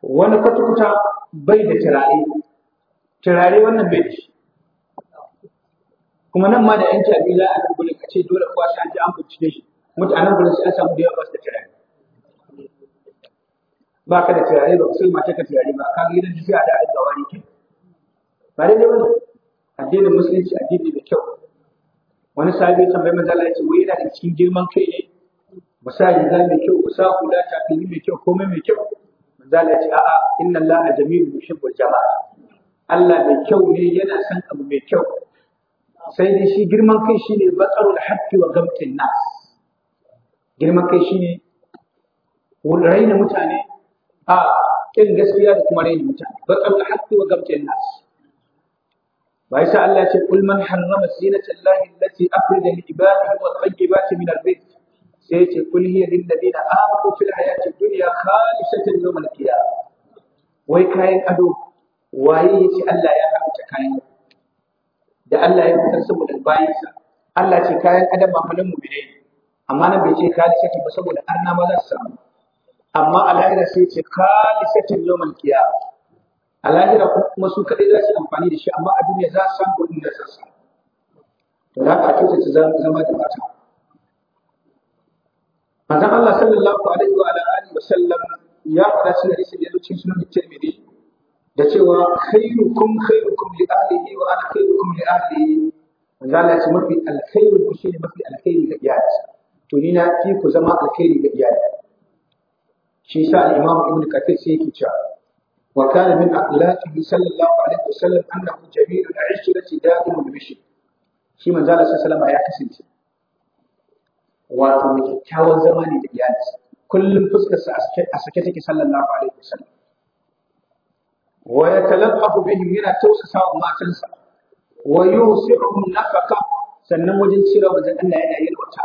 wani kwatukuta bai da turare turare wannan bai da shi kuma nan ma da yan za a dangule aka ce dole kowa shi an ji an bincike shi mutanen gurin sai an samu da yawa ba su da tunani ba ka da tunani ba sai mace ka tunani ba ka gidan da sai a da an gawa ne ke ba dai dai wani addinin musulunci addini mai kyau wani sahabi tambayi manzo Allah ce wai yana da cikin girman kai ne mu sa riga mai kyau mu sa hula yi mai kyau komai mai kyau manzo Allah ce a'a inna Allah mu yuhibbul jama'a Allah mai kyau ne yana son abu mai kyau sai dai shi girman kai shi ne shine da haqqi wa gamtin nas girman kai shi shine raina mutane a kin gaskiya da kuma raina mutane da haqqi wa gamtin nas ba yasa Allah ya ce kul man harrama zinata Allahi allati akhrija li ibadihi wa tayyibati min al-rizq sai ya ce kul hiya lil ladina amanu fil hayati dunya khalisatan yawm al-qiyamah wai kayan ado waye ce Allah ya haramta kayan da Allah ya fitar saboda bayansa Allah ce kayan adam ba falon mu ne amma nan bai ce khalisatin ba saboda arna ma za su samu amma al'ahira sai ce khalisatin yawmal kiya al'ahira kuma su kadai za su amfani da shi amma a duniya za su samu kuɗi da za su to za ka kyauta ta zama da mata manzon Allah sallallahu alaihi wa alihi wa sallam ya fara cikin hadisi da ya zo cikin sunan Tirmidhi da cewa khairukum khairukum li ahlihi wa ana khairukum li ahli manzo Allah ce mafi alkhairu ku shine mafi alkhairi ga iyali to ni na fi ku zama alkhairi ga iyali shi yasa Imam Ibn Kathir sai yake cewa wa kana min akhlaqihi sallallahu alaihi wasallam annahu jami'ul ashrati da'imun bishi shi Shi Allah sallallahu alaihi ya kasance wato mai kyakkyawan zama ne da iyali kullum fuskarsa a sake take sallallahu alaihi wasallam wa yatalaqahu bihim yana tausasa wa matansa wa yusi'uhum nafaqa sannan wajen cira wajen Allah yana yin wata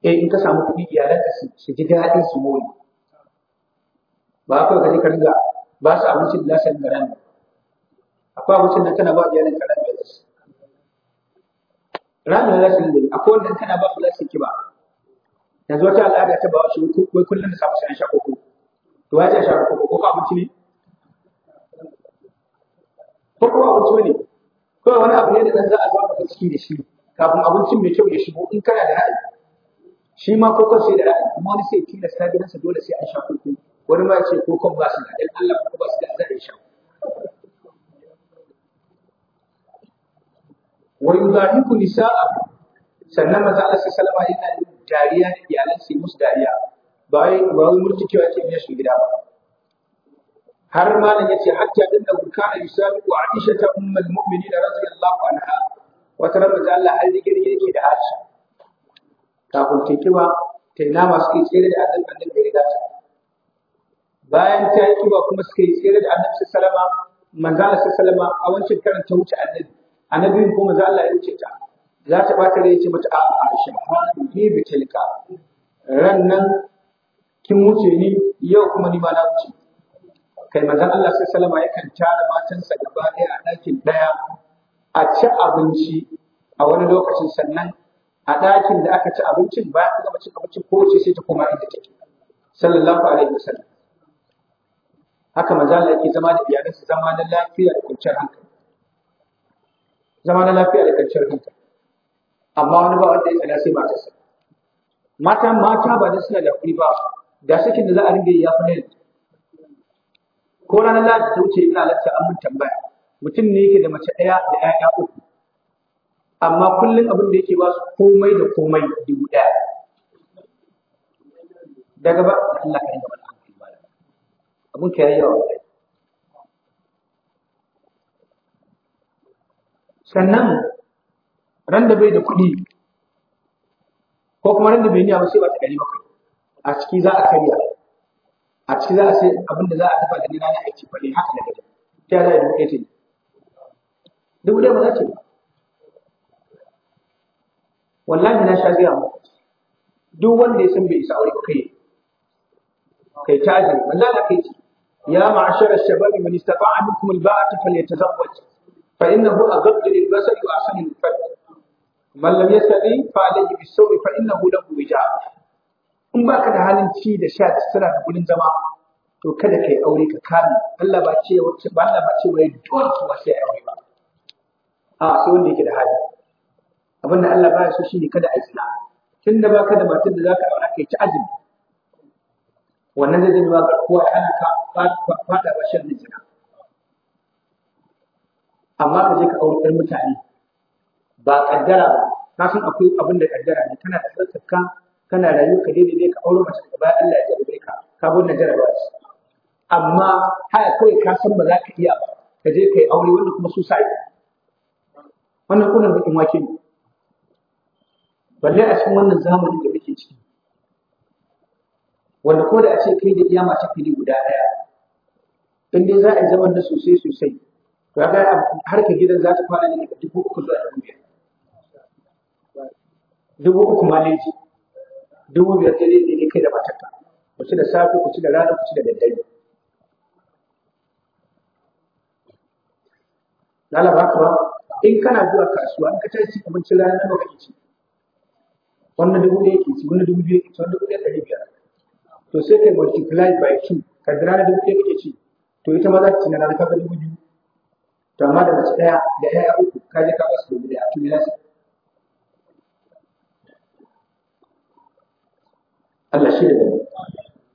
eh in ka samu kuɗi iyalanka su ji daɗin su mori ba ka kaje ka riga ba su abincin da san garan akwai abincin da kana ba iyalan ka ranar da su ranar da su da akwai wanda kana ba su da su kiba yanzu wata al'ada ta ba shi wai kullum da samu sai an sha koko to ya ce sha koko ko abinci ne ko kuma abinci ne, kawai wani abu ne da dan za a zama ka ciki da shi kafin abincin mai kyau ya shigo in kana da ra'ayi shi ma kokon sai da ra'ayi kuma wani sai tilasta gidansa dole sai an sha koko wani ma ya ce kokon ba su da dan Allah ko ba su da za a sha wa yudahiku nisa'a sannan maza Allah sallama yana yin dariya da iyalansa musu dariya Bayan, wai ba murtukewa ke miya su gida ba har malam yace hatta a yusabi yusabiqu Aisha ta ummul mu'minin radiyallahu anha wa ta da Allah har digirge yake da Aisha kafin ta kiba ta ina ma suke tsere da annabi annabi ya riga ta bayan ta yi kiba kuma suka yi tsere da annabi sallama manzo Allah sallama a wancan karin ta wuce annabi annabin ko manzo Allah ya wuce ta za ta ta da yace mata a Aisha ni bitilka ran nan kin wuce ni yau kuma ni ma na wuce kai manzon Allah sai Salama ya yakan tara matansa gaba ɗaya a ɗakin ɗaya a ci abinci a wani lokacin sannan a ɗakin da aka ci abincin bayan ta gama cin abincin kowace sai ta koma inda take sallallahu alaihi wasallam haka manzon Allah yake zama da iyalansa zama na lafiya da kwanciyar hankali zama na lafiya da kwanciyar hankali amma wani ba wanda ya tsada sai matarsa mata mata ba da suna da kuri ba da sakin da za a ringa yi ya fi na yanzu ko ranar lahadi ta wuce ina lacce an mun tambaya mutum ne yake da mace ɗaya da ƴaƴa uku amma kullum abin da yake ba su komai da komai dubu ɗaya daga ba Allah kai gaba mana hankali ba Abun ka yi yawa sannan ran da bai da kuɗi ko kuma ran da bai niya ba sai ba ta ɗari ba a ciki za a karya a ciki za a sai abin da za a tafa da ni ranar aiki fa haka da gari ta za a dubu ɗaya ce Duk ɗaya ba za ce ba wallahi na sha gaya duk wanda ya san bai isa aure kai kai ta ajin wallahi kai ce ya ma'ashara shababi man istata'a minkum alba'ata falyatazawwaj fa innahu aghaddu lilbasari wa ahsanu lilfarj man lam yastati fa alayhi bis in ba ka da halin ci da sha da suna da gudun zama to kada ka yi aure ka kame Allah ba ce wace ba Allah ba ce wai dole ba sai aure ba a sai wanda yake da hali abin da Allah ba ya so shine kada a yi zina tunda baka da matar da zaka aura kai ci azumi wannan zai zama garkuwa ya hana ka fada ba shan zina amma ka je ka auri ɗan mutane ba kaddara ba ka san akwai abin da kaddara ne kana da tsarkaka kana rayuwa ka daidai ka aure mace daga bayan Allah ya jarabe ka ka na jarabawa shi amma haka kai ka san ba za ka iya ba ka je kai aure wanda kuma su sai wannan kunan bakin wake ne balle a cikin wannan zamanin da kake ciki wanda ko da a ce kai da iya mace fili guda daya in dai za a yi zaman da sosai sosai to ga harkar gidan za ta fara ne daga dubu uku zuwa dubu biyar dubu uku ma laifi dubu biyar ta zai daidai kai da matarka ku ci da safe ku ci da rana ku ci da daddare lalaba kuma in kana zuwa kasuwa in ka tashi abincin rana na baka ci wannan dubu ɗaya ke ci wannan dubu biyu ke ci wannan dubu ɗaya ɗari biyar to sai kai multiply by two ka da rana dubu ɗaya kake ci to ita ma za ta ci na rana ka ga dubu biyu to amma da mace ɗaya da ɗaya uku ka je ka su dubu ɗaya to me za su Allah shi da mu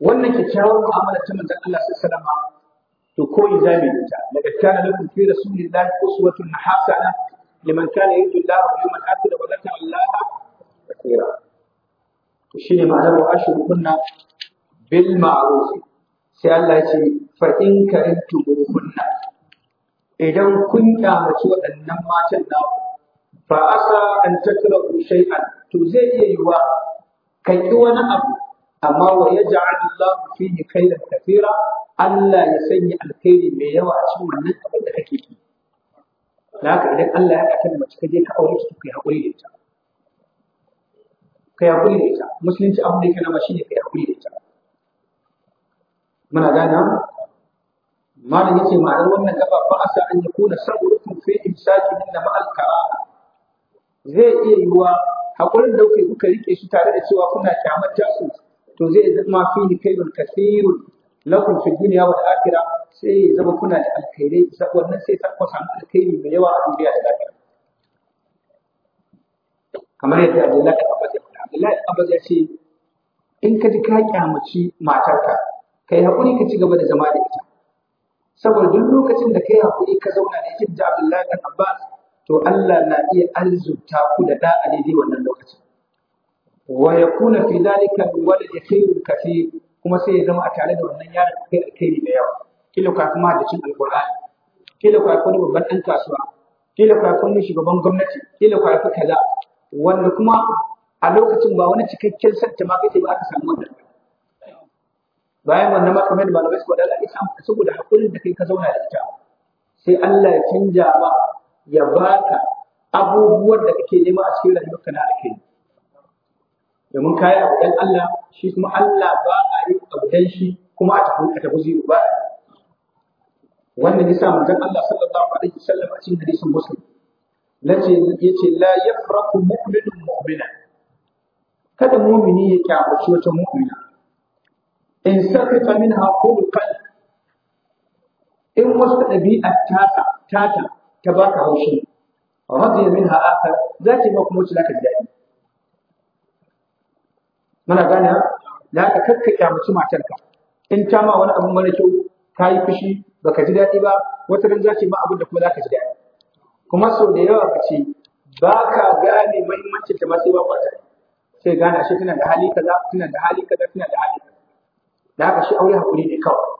wannan kyakkyawar mu'amala ta manzon Allah sallallahu alaihi to koyi zamu yi ta daga kana lakum fi rasulillahi uswatun hasana liman kana yuridu Allah wal yawmal akhir wa dhakara Allah kathira to shine ma'anar wa ashru kunna bil ma'ruf sai Allah ya ce fa in karintu kunna idan kun kyamaci waɗannan matan naku fa asa an takrahu shay'an to zai iya yiwa kai wani abu amma wa yaj'alu fi fihi khairan kathira Allah ya sanya alkhairi mai yawa a cikin wannan abin da kake yi da haka idan Allah ya haɗa da mace ka je ka aure ki kai hakuri da ita kai hakuri da ita musulunci abin da yake nama ne kai hakuri da ita muna gana malam yace ma'anar wannan gaba fa asa an kuna sabrukum fi imsaki inna ma'al karaha zai iya yiwa hakurin da kuka rike shi tare da cewa kuna kyamata su. to zai zama fihi kaidun kathirun lakum fi dunya wal akhirah sai ya zama kuna da alkhairai wannan sai sa ku kai alkhairi mai yawa a duniya da lafiya kamar yadda Abdullahi Abbas ya faɗa Abdullahi Abbas ya ce in ka ji ka kyamaci matarka kai hakuri ka ci gaba da zama da ita saboda duk lokacin da kai hakuri ka zauna da ita da Abdullahi Abbas to Allah na iya arzuta ku da da'a daidai wannan lokacin wa yakuna fi dhalika alwalad khairun kathir kuma sai ya zama a tare da wannan yaron kai a alkhairi da yawa kila ka kuma da cin alqur'ani kila ka kuma babban dan kasuwa kila ka kuma shugaban gwamnati kila ka kuma kaza wanda kuma a lokacin ba wani cikakken sarta ma kake ba ka samu wannan bayan wannan ma kamar malamai su wadala ita saboda hakurin da kai ka zauna da ita sai Allah ya canja ba ya baka abubuwan da kake nema a cikin rayuwarka na alkhairi domin kayi abu dan Allah shi kuma Allah ba a yi abu dan shi kuma a tafi ka tafi zai ba wannan ya yasa manzon Allah sallallahu alaihi wasallam a cikin hadisin Muslim lace ce la yafraqu mu'minun mu'mina kada mu'mini ya kyamuci wata mu'mina in sakata minha qulqan in wasu ɗabi'a tata tata ta baka haushi radiya minha akhar zaki ma kuma wuce zaka ji daɗi muna gane da haka kakka kyamaci matarka in ta ma wani abu mara kyau ka yi fushi baka ji daɗi ba wata ran za ma abin da kuma za ka ji daɗi kuma sau da yawa ka ce ba ka gane muhimmancin ta ma ba kwata sai gane shi tana da hali kaza tana da hali kaza tana da hali kaza da haka shi aure hakuri ne kawai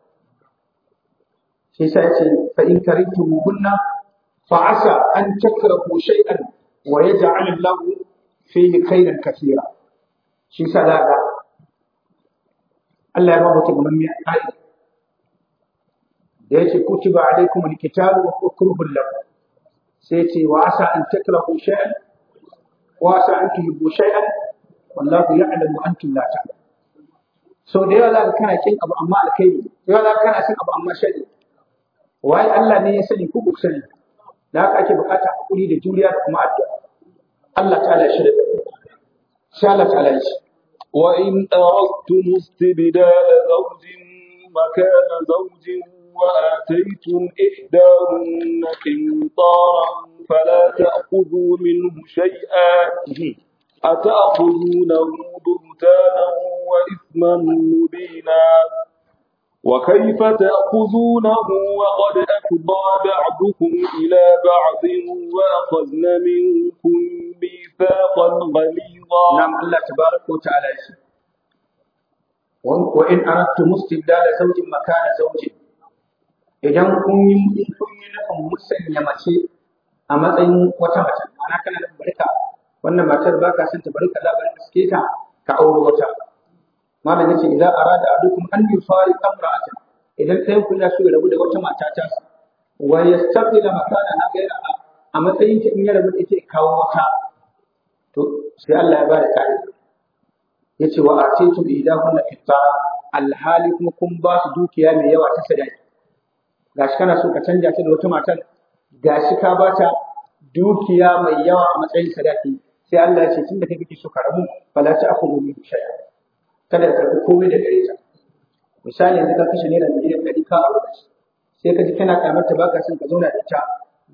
shi ya ce fa in karintumuhunna fa asa an takrahu shay'an wa yaj'al Allahu fihi khairan kathira shi sadaka? Allah ya ba mutum mai ayi da yace kutuba alaikum alkitabu wa kutubu lakum sai ce wa asa an takrahu shay'an wa asa an tuhibbu shay'an wallahu ya'lamu antum la ta'lamun so da yawa zaka kana kin abu amma alkhairi da yawa zaka kana kin abu amma shari wai Allah ne ya sani ku ku sani da haka ake bukata hakuri da juriya da kuma addu'a Allah ta'ala ya shirya شالك عليه وإن أردتم استبدال زوج مكان زوج وآتيتم إحداهن قنطارا فلا تأخذوا منه شيئا أتأخذونه بهتانا وإثما مبينا وكيف تأخذونه وقد أفضى بعضكم إلى بعض وأخذنا منكم ميثاقا غليظا نعم الله تبارك وتعالى وإن أردتم استبدال زوج مكان زوج idan kun yi kun yi nufin musanya mace a matsayin wata mace ma'ana kana nufin barka wannan matar baka son ta barka za ka ta ka auri wata malam yace idan arada adukum an yufariqa imra'atan idan sai ku yana so ya rabu da wata mata ta wa yastaqila makana gaira a matsayin ta in ya rabu da kawo wata to sai Allah ya ba da kai yace wa atitum idahunna fittara alhali kuma kun ba su dukiya mai yawa ta sadaki gashi kana so ka canja ta da wata matar gashi ka ba ta dukiya mai yawa a matsayin sadaki sai Allah ya ce tunda kake so ka rabu fala ta akhudhu min shay'a kada ka karɓi komai da gare ka misali yanzu ka kashe naira miliyan ɗari ka aure sai ka ji kana kamar ta baka son ka zauna da ita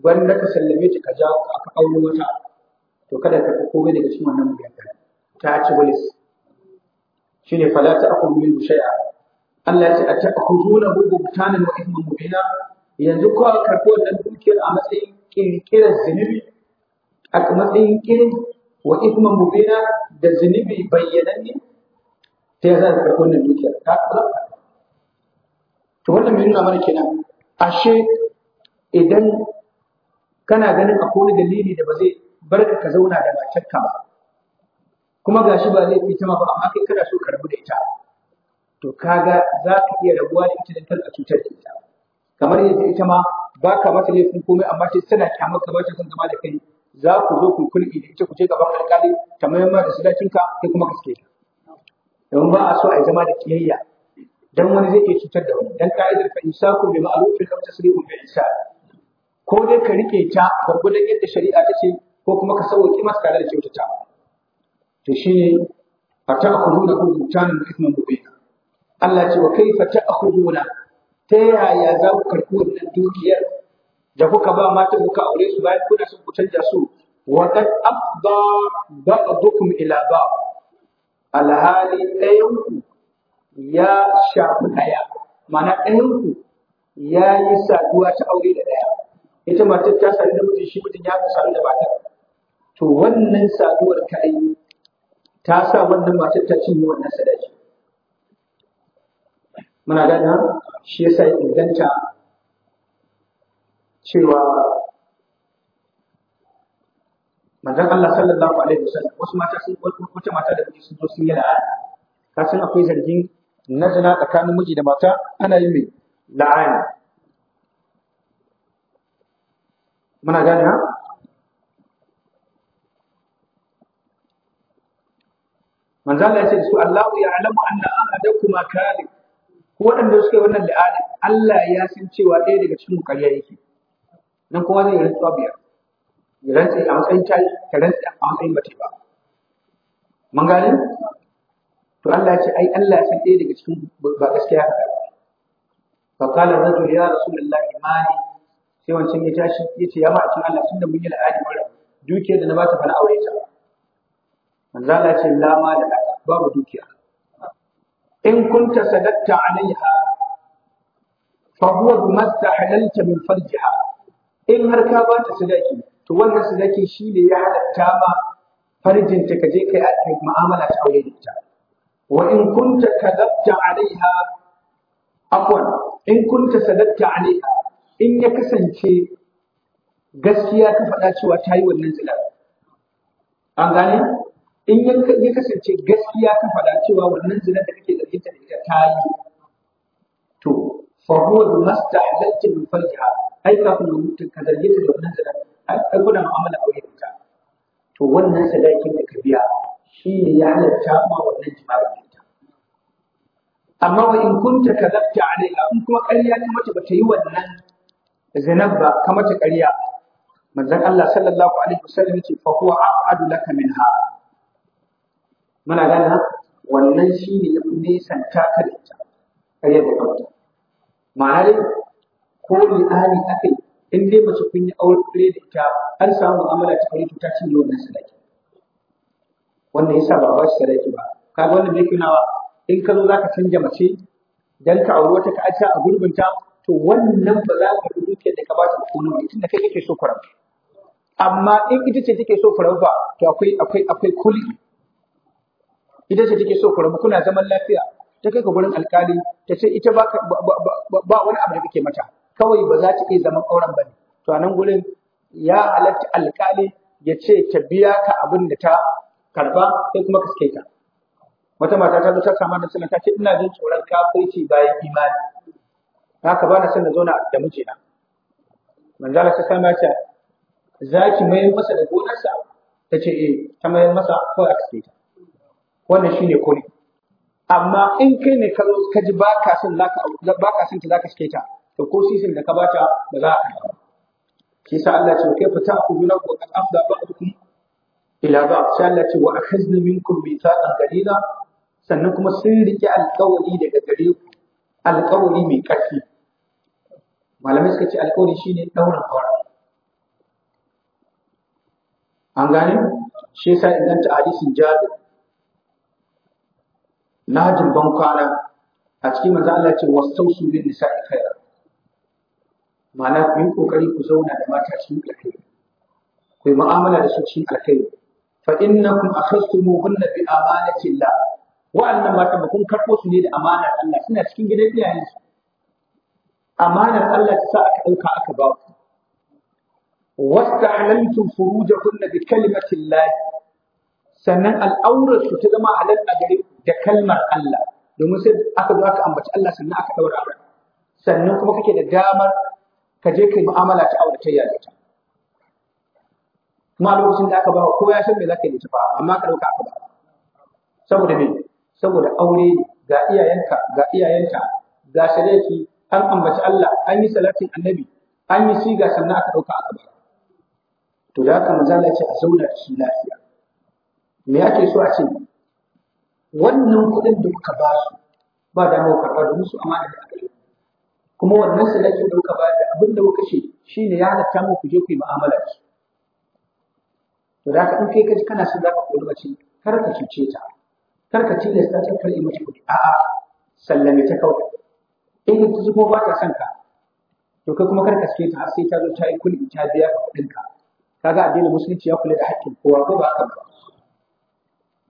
gwanda ka sallame ta ka ja ka aure wata to kada ka karɓi komai daga cikin wannan miliyan ɗari ta ci Shi ne fala ta akulu minhu shay'a Allah ya ce a ta'khuzuna hu butanan wa ithman mubina yanzu ko a karɓi wannan dukiyar a matsayin kirkirar zunubi a matsayin kirin wa ithman mubina da zunubi bayyananne Sai ya za ka karɓi wannan dukiyar ka to wannan mai mana kenan ashe idan kana ganin akwai wani dalili da ba zai bar ka zauna da matarka ba kuma gashi ba zai fita ba amma kai kana so ka rabu da ita to kaga za ka iya rabuwa da ita da cutar da ita kamar yadda ita ma ba ka mata laifin komai amma sai tana kyamar ka ba ta son zama da kai za ku zo ku kulki da ita ku je gaban alƙali ta mayar da da ka, kai kuma ka sake ta domin ba a so a zama da kiyayya dan wani zai iya cutar da wani dan ka'idar fa ku bi ma'rufin aw tasrihun bi ihsan ko dai ka rike ta gurgudan yadda shari'a ta ce ko kuma ka sauke masa tare da kyautata to shine fata'khuduna butanan ithman mubina Allah ce wa kaifa ta'khuduna ta yaya za ku karɓi wannan dukiyar da kuka ba matan kuka aure su bayan kuna son ku canja su wa qad afda ba'dukum ila ba'd alhali ɗayanku ya shafi ɗaya mana ɗayanku ya yi saduwa ta aure da ɗaya ita mace ta sadu da mutum shi mutum ya sadu da matar to wannan saduwar ka yi ta sa wannan matar ta cinye wannan sadaki muna gana shi yasa ya inganta cewa manzon Allah sallallahu alaihi wasallam wasu mata sun wata mata da miji sun zo sun yi la'ana ka san akwai zargin nazina tsakanin miji da mata ana yi mai la'ana muna gane ha manzo Allah ya ce su Allahu Alamu, anna ahadakuma kadhib ko wanda suka yi wannan la'ana Allah ya san cewa ɗaya daga cikin mu ƙarya yake nan kowa zai rantsuwa biyar ya rantse a matsayin tayi ta rantse a matsayin bace ba to Allah ce ai Allah san ɗaya daga cikin ba gaskiya ba fa qala rajul ya rasulullahi mali sai wancan ya tashi yace ya ma'aikin Allah tunda mun yi da na aure ta ya ce dukiya in kunta sadatta min in ba ta sadaki to wannan sadaki shi ne ya halatta ma farjinta ka je kai mu'amala ta aure da ita wa in kunta kadabta alaiha afwan in kunta sadakta alaiha in ya kasance gaskiya ka faɗa cewa ta yi wannan zina an gane in ya kasance gaskiya ka faɗa cewa wannan zina da kake zargin ta ita ta yi to fa huwa mastahlaltu min farjiha ai kafin mutum ka zarge ta da wannan zina ka kuna mu'amala aure da to wannan sadakin da ka biya shi ne ya halatta ma wannan jima'i amma wa in kunta kadabta alaiha in kuma ƙarya ne mace bata yi wannan zinab ba ka mata ƙarya manzon Allah sallallahu alaihi wasallam ce fa huwa aqadu laka minha muna gana. wannan shi ne ya fi nisan ka da ita ƙarya da kawai ma'ana dai ko aka yi in dai mace kun yi aure da ita an samu mu'amala ta kare ta ta yawan wannan sadaki wannan yasa ba ba shi sadaki ba ga wannan bai kunawa in ka zo zaka canja mace dan ka aure wata ka ajiya a gurbinta to wannan ba za ka rubuta da ka ba ta kuma nawa tunda kai kake so kuran amma in ita ce take so kuran ba to akwai akwai akwai kuli ita ce take so kuran kuna zaman lafiya ta kai ka gurin alkali ta ce ita ba ba wani abu da kake mata kawai ba za ta iya zama auren ba ne to a nan gurin ya halatta alƙali ya ce ta biya ka abin da ta karba sai kuma ka sake ta wata mata ta zo ta samu da sallah ta ce ina jin tsoron kafirci bayan imani haka ba na son na zauna da mijina manzo Allah sai ma ce zaki mai masa da gonarsa ta ce eh ta mai masa ko a sake ta wannan shine kone amma in kai ne ka zo ka ji ba ka son zaka ba ka son ta zaka sake ta to ko sisin da ka bata ba za a ba shi sa Allah ce kai fata ku bi ku kan afda ba'dukum ila ba sai Allah ce wa akhazna minkum mithaqan qalila sannan kuma sun rike alƙawari daga gare ku alƙawari mai ƙarfi malamai suka ce alƙawari shine daurin aure an gane shi yasa inganta hadisin jabir na jin ban kwana a cikin manzo Allah ce wastausu bin nisa'i khaira ma'ana ku yi kokari ku zauna da mata cikin alkhairi ku yi mu'amala da su cikin alkhairi fa innakum akhastumuhunna bi amanatillah wa'annan mata ba kun karɓo su ne da amanar Allah suna cikin gidan iyayensu amanar Allah ta sa aka ɗauka aka ba ku wastahlaltum furujakunna bi kalimatillah sannan al'aurar su ta zama halal a gare da kalmar Allah domin sai aka zo aka ambaci Allah sannan aka daura auren sannan kuma kake da damar ka je kai mu'amala ta auratayya da ita kuma lokacin da aka ba ko ya san me zaka yi tafa amma ka dauka aka ba saboda me saboda aure ga iyayenka ga iyayenta ga shareki an ambaci Allah an yi salatin annabi an yi siga sannan aka dauka aka ba to da haka manzo ce a zauna da shi lafiya me yake so a ce wannan kuɗin da kuka ba su ba da mu karɓar musu amana da aka yi kuma wannan sadakin da muka bayar da abin da ce shi shine ya halatta mu ku je ku yi mu'amala ki to da ka in kai ji kana son za ka koyi mace kar ka cuce ta kar ka tilasta ta kar mata kuɗi a'a sallame ta kawai in ta ji ko ba ta son ka to kai kuma kar ka ta har sai ta zo ta yi kulli ta biya ka kuɗin ka kaga addinin musulunci ya kula da haƙƙin kowa ko ba haka ba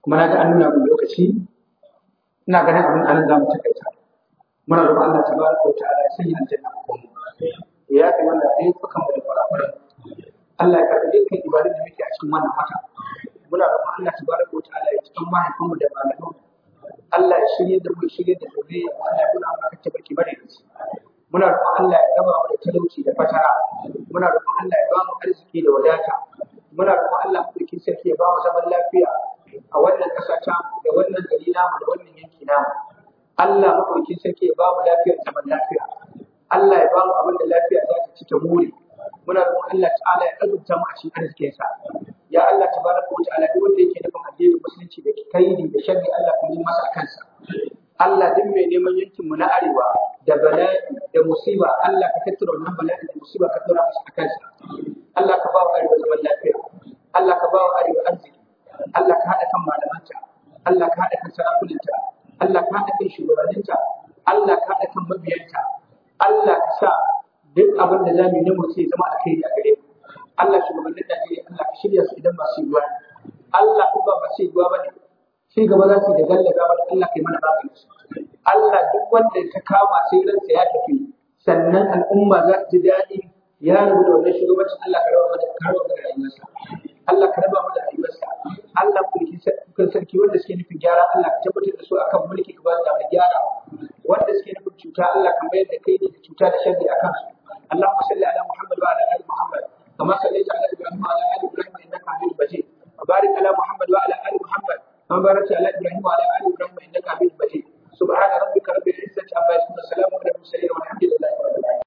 kuma na ga an nuna mun lokaci ina ganin abin anan za mu takaita muna roƙon Allah tabaraka wa ta'ala ya sanya aljanna makomo ya kai wannan dai suka mu da fara Allah ya karɓi dukkan ibadun da muke a cikin wannan wata muna roƙon Allah tabaraka wa ta'ala ya cikin mahaifin mu da malamu Allah ya shirye da mu shirye da gobe Allah ya nuna mana ta barki bare muna roƙon Allah ya raba mu da talauci da fatara muna roƙon Allah ya ba mu arziki da wadata muna roƙon Allah mulkin sarki ya ba mu zaman lafiya a wannan ƙasa ta da wannan gari namu da wannan yanki namu Allah maɗauki sarki ya ba mu lafiyar zaman lafiya Allah ya ba mu abin da lafiya za ta ci ta more muna roƙon Allah ta'ala ya azurta mu a cikin arzikin sa ya Allah tabaraka wa ta'ala duk wanda yake nufin addinin musulunci da kaidi da sharri Allah kuma masa kansa Allah duk mai neman yankin mu na arewa da bala'i da musiba Allah ka tattara wannan bala'i da musiba ka tura masa kansa Allah ka ba mu arewa zaman lafiya Allah ka ba mu arewa arziki Allah ka haɗa kan malamanta Allah ka haɗa kan sarakunanta Allah ka haɗa shugabanninta Allah ka haɗa kan mabiyanta Allah ka sa duk abin da zamu yi na mutum ya zama alkhairi a gare mu Allah shugabannin Najeriya Allah ka shirya su idan ba su yi ruwa Allah in ba ba su yi ruwa ba ne sai gaba za su yi da gallaga ba Allah yi mana magani Allah duk wanda ta kama sai ransa ya tafi sannan al'umma za ta ji daɗi ya rabu da wannan shugabancin Allah ka raba mana ka raba mana rayuwarsa Allah ka raba mana rayuwarsa Allah mulkin kan sarki wanda suke nufin gyara Allah ka tabbatar da su akan mulki ka ba su damar gyara wanda suke nufin cuta Allah ka mayar da kai da cuta da sharri akan su Allahumma salli ala Muhammad wa ala ali Muhammad كما صليت على ابراهيم وعلى ال ابراهيم انك حميد مجيد وبارك على محمد وعلى ال محمد كما باركت على ابراهيم وعلى ال ابراهيم انك حميد مجيد سبحان ربك رب العزه عما يصفون وسلام على المرسلين